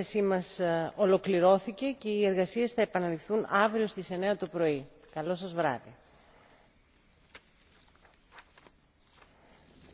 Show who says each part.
Speaker 1: συνεδρίασή μα ε, ολοκληρώθηκε και οι εργασίε θα επαναληφθούν αύριο στι 9 το πρωί.
Speaker 2: Καλό σας
Speaker 3: βράδυ.